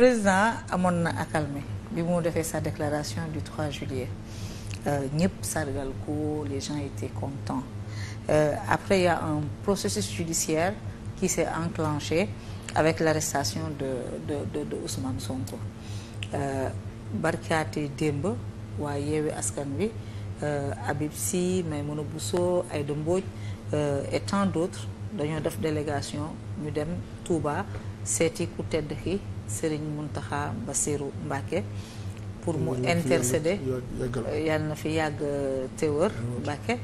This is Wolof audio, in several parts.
président amoon na accalmé bi mu defee sa déclaration du 3 juillet euh, ñëpp sargal ko les gens étaient contents euh, après il y a un processus judiciaire qui s'est enclenché avec l'arrestation de de de de Ousmane Sonko euh, barkaate démb waa Yewwi Askan Wi euh, Habib Sy Maïmouna Bousso Aïda Mbodj et tant d'autres dañoo def délégation ñu dem Touba seeti ku tedd ki Serigne Mountakha Bassirou Mbacké pour mu intercéder yàlla na fi yàgg te wër euh, Mbacké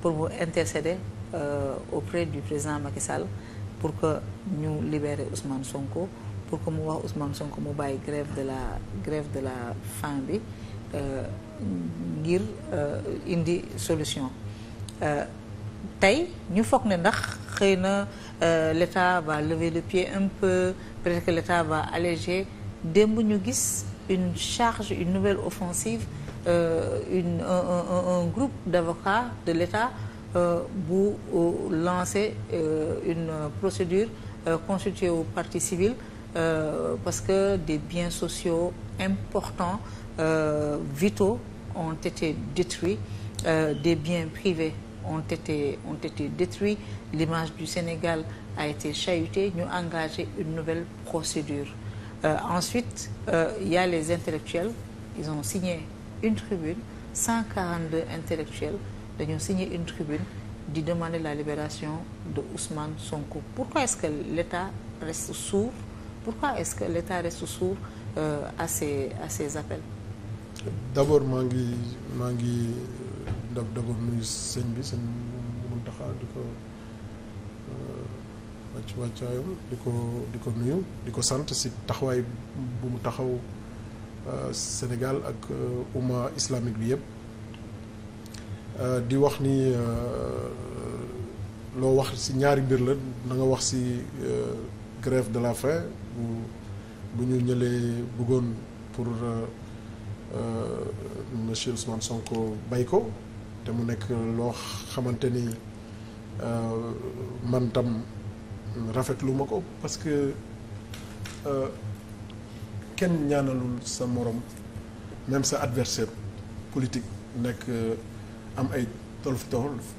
pour mu intercéder euh, auprès du président Macky Sall pour que ñu libere Ousmane Sonko pour que mu wax Ousmane Sonko mu bàyyi grève de la grève de la faim bi euh, ngir indi solution tey ñu foog ne ndax xëy na euh, l'État va lever le pied un peu peut-être que l'État va alléger démb ñu gis une charge une nouvelle offensive euh, une un, un, un groupe d'avocats de l'État euh, bu euh, lancer euh, une procédure euh, constituée au parti civil parce que des biens sociaux importants vitaux ont été détruits des biens privés on été ont été détruits l'image du Sénégal a été chahutée ñu engagé une nouvelle procédure euh, ensuite euh, il y a les intellectuels ils ont signé une tribune 142 intellectuels dañoo signé une tribune di demander la libération de Ousmane Sonko pourquoi est-ce que l'État reste sourd pourquoi est-ce que l'État reste sourd euh, à ces à ces appels d'abord maa dab dagoon nuyu sëñ bi sëñ Muntaxa di ko euh, wàcc wàccaayam di ko di ko nuyu di ko sant si taxawaay bu mu taxaw euh, Sénégal ak euh, umma islamique bi yëpp di wax ni loo wax si ñaari mbir la nanga wax si grève de la faim bu ñu ñëlee bëggoon pour monsieur Ousmane Sonko bay ko te mu nekk loo xamante ni euh, man tam rafetlu ko parce que euh, kenn ñaanalul sa morom même sa adversaire politique nekk euh, am ay tolof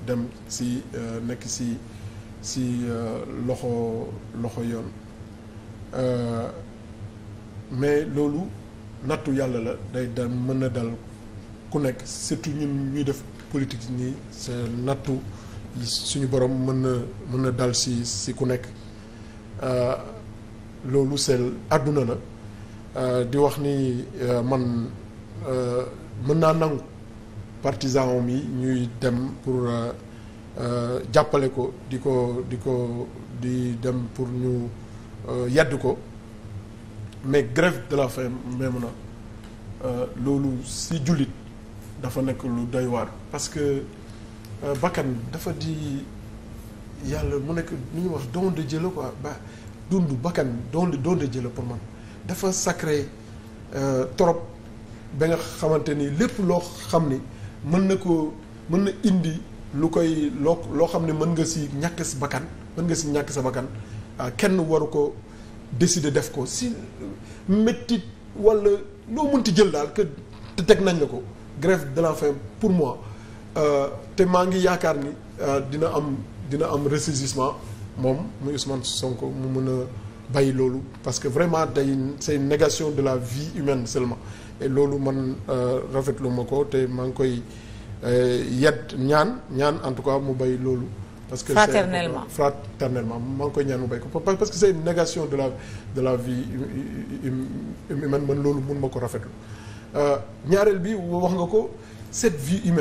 dem si nekk si si loxo loxo yoon mais loolu nattu yàlla la day da mën na dal ku nekk surtout ñun ñuy def politique nii sa nattu suñu borom mën na mën na dal si si ku nekk euh, loolu seen àdduna la euh, di wax ni euh, man mën naa nangu partisan om yi ñuy dem pour jàppale ko di ko di ko di dem pour ñu yedd ko mais grève de la faim même na loolu si jullit dafa nekk lu doy waar parce que euh, bakkan dafa di yàlla mu nekk nu ñuy wax don jële ko ba dund bakkan don don de Dieu la pour man dafa sacré euh, trop ba nga xamante ni lépp loo xam ni mën na ko mën na indi lu koy loo loo xam ne mën nga si ñàkk si bakkan mën nga si ñàkk sa bakkan euh, kenn waru ko décider def ko si méttit walla loo mënti jël daal que te teg nañ la ko grève de la faim pour moi euh, te maa ngi yaakaar ni euh, dina am dina am ressaisissement moom mu muy Ousmane sonk mu mën a bàyyi loolu parce que vraiment day c'est négation de la vie humaine seulement et loolu man euh, rafetlu ma ko te maa ngi koy yedd ñaan ñaan en tout cas mu bàyyi loolu parce que fraternellement fraternellement maa ngi koy ñaan mu bàyyi ko parce que c'est une négation de la de la vie humaine man loolu mun ma ko rafetlu Euh, ñaareel bi wax nga ko cette vie humaine